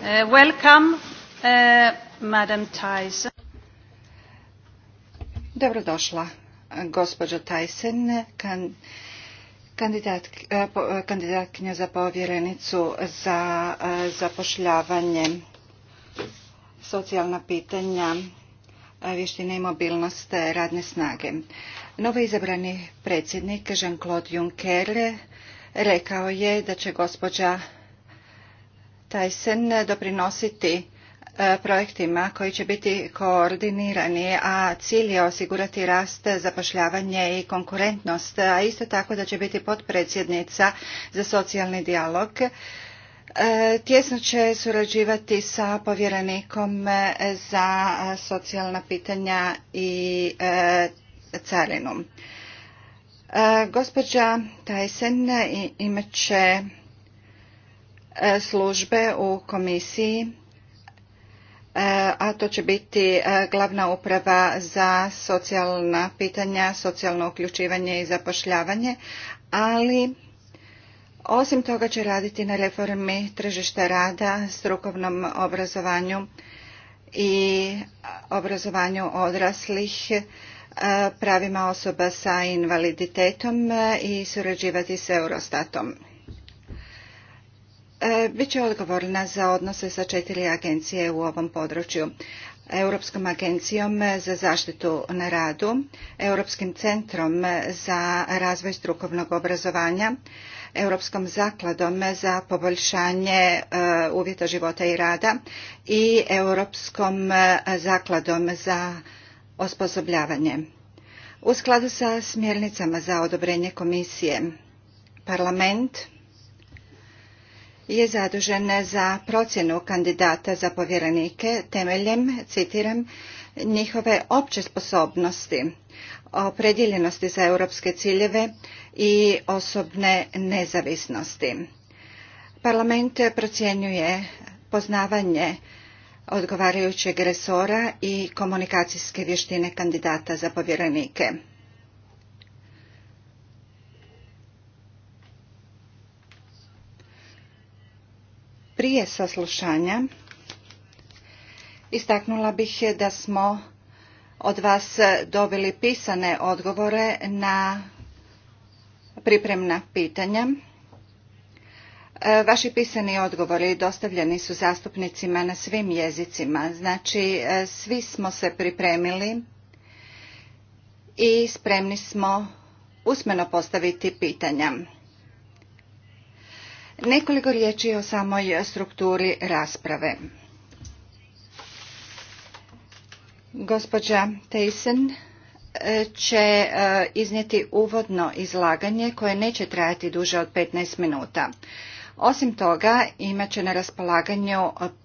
Uh, welcome, uh, Madam Tyson. Dobrodošla, gospođo Tyson, kan, E, e, kandidatkinja za povjerenicu za e, zapošljavanje, socijalna pitanja, vještine i mobilnost radne snage. Novo izabrani predsjednik Jean-Claude Juncker rekao je da će gospođa Tyson doprinositi E, projektima koji će biti koordinirani, a cilj je osigurati rast, zapošljavanje i konkurentnost, a isto tako da će biti potpredsjednica za socijalni dijalog. E, tjesno će surađivati sa povjerenikom za socijalna pitanja i e, carinu. Gospođa Tyson imat će službe u komisiji E, a to će biti e, glavna uprava za socijalna pitanja, socijalno uključivanje i zapošljavanje, ali osim toga će raditi na reformi tržišta rada, strukovnom obrazovanju i obrazovanju odraslih, e, pravima osoba sa invaliditetom i surađivati s Eurostatom. E, će odgovorna za odnose sa četiri agencije u ovom području. Europskom agencijom za zaštitu na radu, Europskim centrom za razvoj strukovnog obrazovanja, Europskom zakladom za poboljšanje e, uvjeta života i rada i Europskom e, zakladom za osposobljavanje. U skladu sa smjernicama za odobrenje komisije, parlament je zadužena za procjenu kandidata za povjerenike temeljem, citiram, njihove opće sposobnosti, opredjeljenosti za europske ciljeve i osobne nezavisnosti. Parlament procjenjuje poznavanje odgovarajućeg resora i komunikacijske vještine kandidata za povjerenike. Prije saslušanja istaknula bih da smo od vas dobili pisane odgovore na pripremna pitanja. E, vaši pisani odgovori dostavljeni su zastupnicima na svim jezicima, znači e, svi smo se pripremili i spremni smo usmeno postaviti pitanja. Nekoliko riječi o samoj strukturi rasprave. Gospođa Tejsen e, će e, iznijeti uvodno izlaganje koje neće trajati duže od 15 minuta. Osim toga, imat će na raspolaganju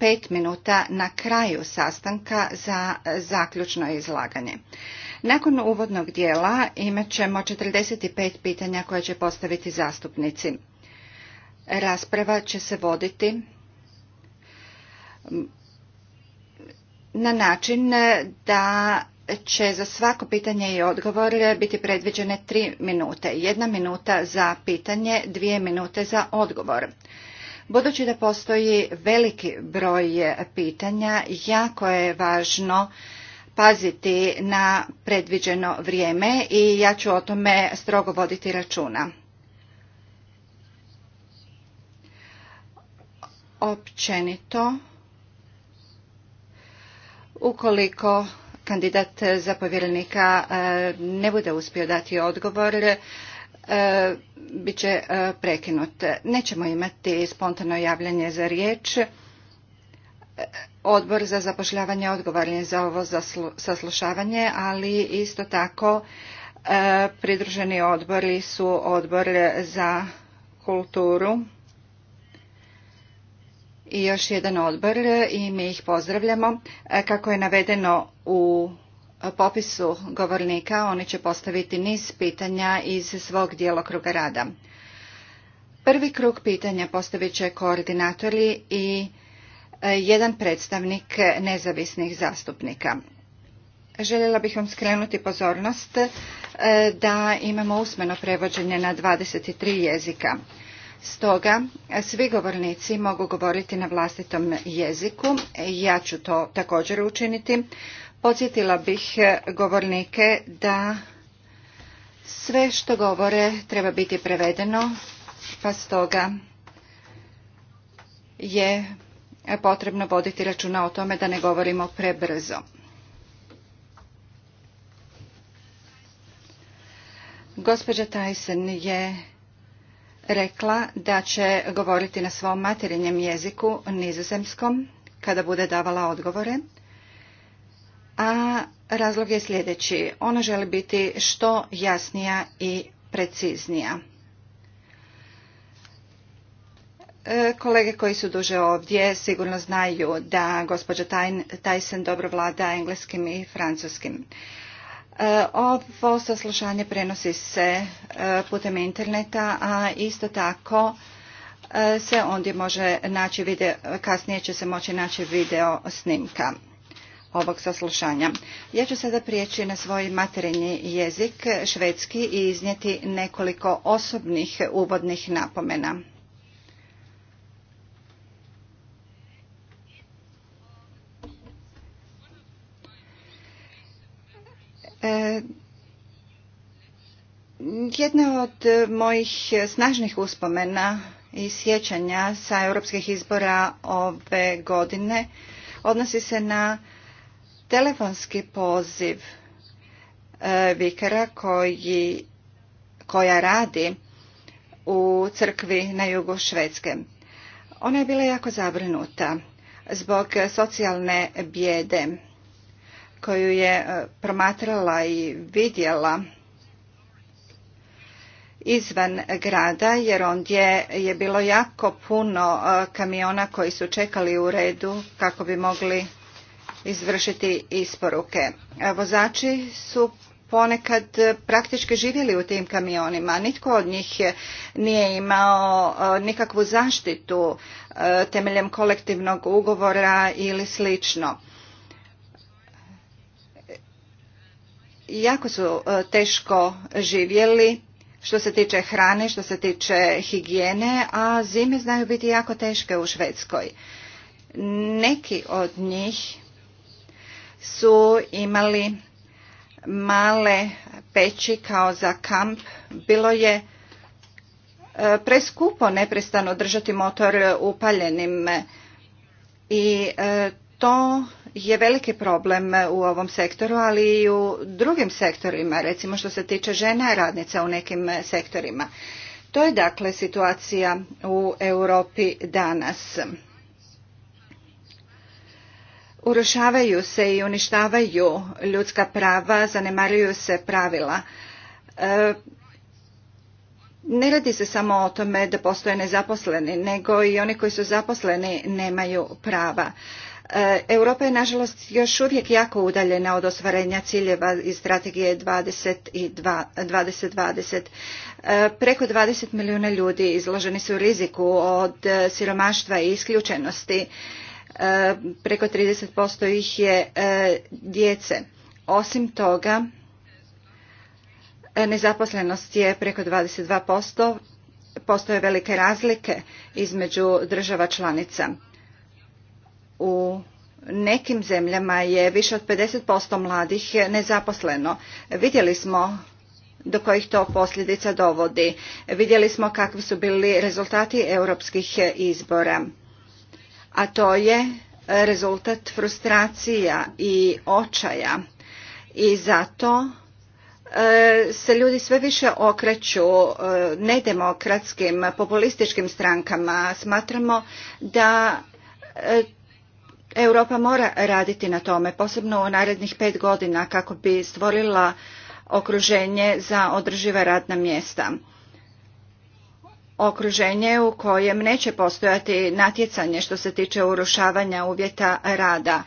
5 minuta na kraju sastanka za zaključno izlaganje. Nakon uvodnog dijela imat ćemo 45 pitanja koje će postaviti zastupnici. Rasprava će se voditi na način da će za svako pitanje i odgovor biti predviđene tri minute. Jedna minuta za pitanje, dvije minute za odgovor. Budući da postoji veliki broj pitanja, jako je važno paziti na predviđeno vrijeme i ja ću o tome strogo voditi računa. općenito ukoliko kandidat za povjerenika e, ne bude uspio dati odgovor e, bit će e, prekinut. Nećemo imati spontano javljanje za riječ. Odbor za zapošljavanje odgovoran je za ovo saslušavanje, ali isto tako pridruženi odbori su odbor za kulturu i još jedan odbor e, i mi ih pozdravljamo. E, kako je navedeno u popisu govornika, oni će postaviti niz pitanja iz svog djelokruga rada. Prvi krug pitanja postavit će koordinatori i e, jedan predstavnik nezavisnih zastupnika. Željela bih vam skrenuti pozornost da imamo usmeno prevođenje na 23 jezika. Stoga svi govornici mogu govoriti na vlastitom jeziku. Ja ću to također učiniti. Podsjetila bih govornike da sve što govore treba biti prevedeno, pa stoga je potrebno voditi računa o tome da ne govorimo prebrzo. Gospođa Tyson je rekla da će govoriti na svom materinjem jeziku nizozemskom kada bude davala odgovore. A razlog je sljedeći. Ona želi biti što jasnija i preciznija. E, kolege koji su duže ovdje sigurno znaju da gospođa Tyson dobro vlada engleskim i francuskim. E, ovo saslušanje prenosi se e, putem interneta, a isto tako e, se ondje može naći video, kasnije će se moći naći video snimka ovog saslušanja. Ja ću sada prijeći na svoj materinji jezik, švedski, i iznijeti nekoliko osobnih uvodnih napomena. Jedna od e, mojih snažnih uspomena i sjećanja sa europskih izbora ove godine odnosi se na telefonski poziv e, vikara koji, koja radi u crkvi na jugu Švedske. Ona je bila jako zabrinuta zbog socijalne bijede koju je e, promatrala i vidjela izvan grada jer ondje je bilo jako puno e, kamiona koji su čekali u redu kako bi mogli izvršiti isporuke. E, vozači su ponekad praktički živjeli u tim kamionima. Nitko od njih nije imao e, nikakvu zaštitu temeljem kolektivnog ugovora ili slično. Jako su teško živjeli što se tiče hrane, što se tiče higijene, a zime znaju biti jako teške u Švedskoj. Neki od njih su imali male peći kao za kamp. Bilo je e, preskupo neprestano držati motor upaljenim i e, to je veliki problem u ovom sektoru, ali i u drugim sektorima, recimo što se tiče žena radnica u nekim sektorima. To je dakle situacija u Europi danas. Urušavaju se i uništavaju ljudska prava, zanemaruju se pravila. E, ne radi se samo o tome da postoje nezaposleni, nego i oni koji su zaposleni nemaju prava. E, Europa je nažalost još uvijek jako udaljena od ostvarenja ciljeva iz strategije thousand and 2020. Preko 20 milijuna ljudi izloženi su riziku od e, siromaštva i isključenosti. E, preko 30% ih je djece. Osim toga, nezaposlenost je preko 22%. Postoje velike razlike između država članica. U nekim zemljama je više od 50% mladih nezaposleno. Vidjeli smo do kojih to posljedica dovodi. Vidjeli smo kakvi su bili rezultati europskih izbora. A to je rezultat frustracija i očaja. I zato e, se ljudi sve više okreću e, nedemokratskim, populističkim strankama. Smatramo da e, Europa mora raditi na tome, posebno u narednih pet godina, kako bi stvorila okruženje za održiva radna mjesta. Okruženje u kojem neće postojati natjecanje što se tiče urušavanja uvjeta rada.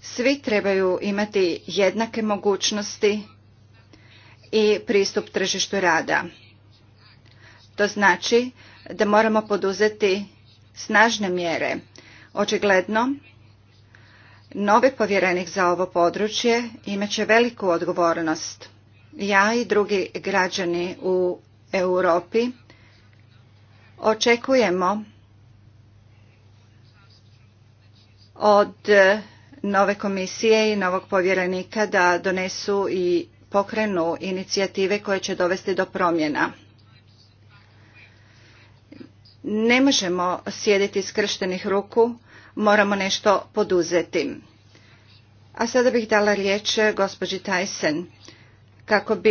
Svi trebaju imati jednake mogućnosti i pristup tržištu rada. To znači da moramo poduzeti snažne mjere Očigledno, novi povjerenik za ovo područje imaće veliku odgovornost. Ja i drugi građani u Europi očekujemo od nove komisije i novog povjerenika da donesu i pokrenu inicijative koje će dovesti do promjena. Ne možemo sjediti skrštenih ruku, moramo nešto poduzeti. A sada bih dala riječ eh, gospođi Tyson kako bi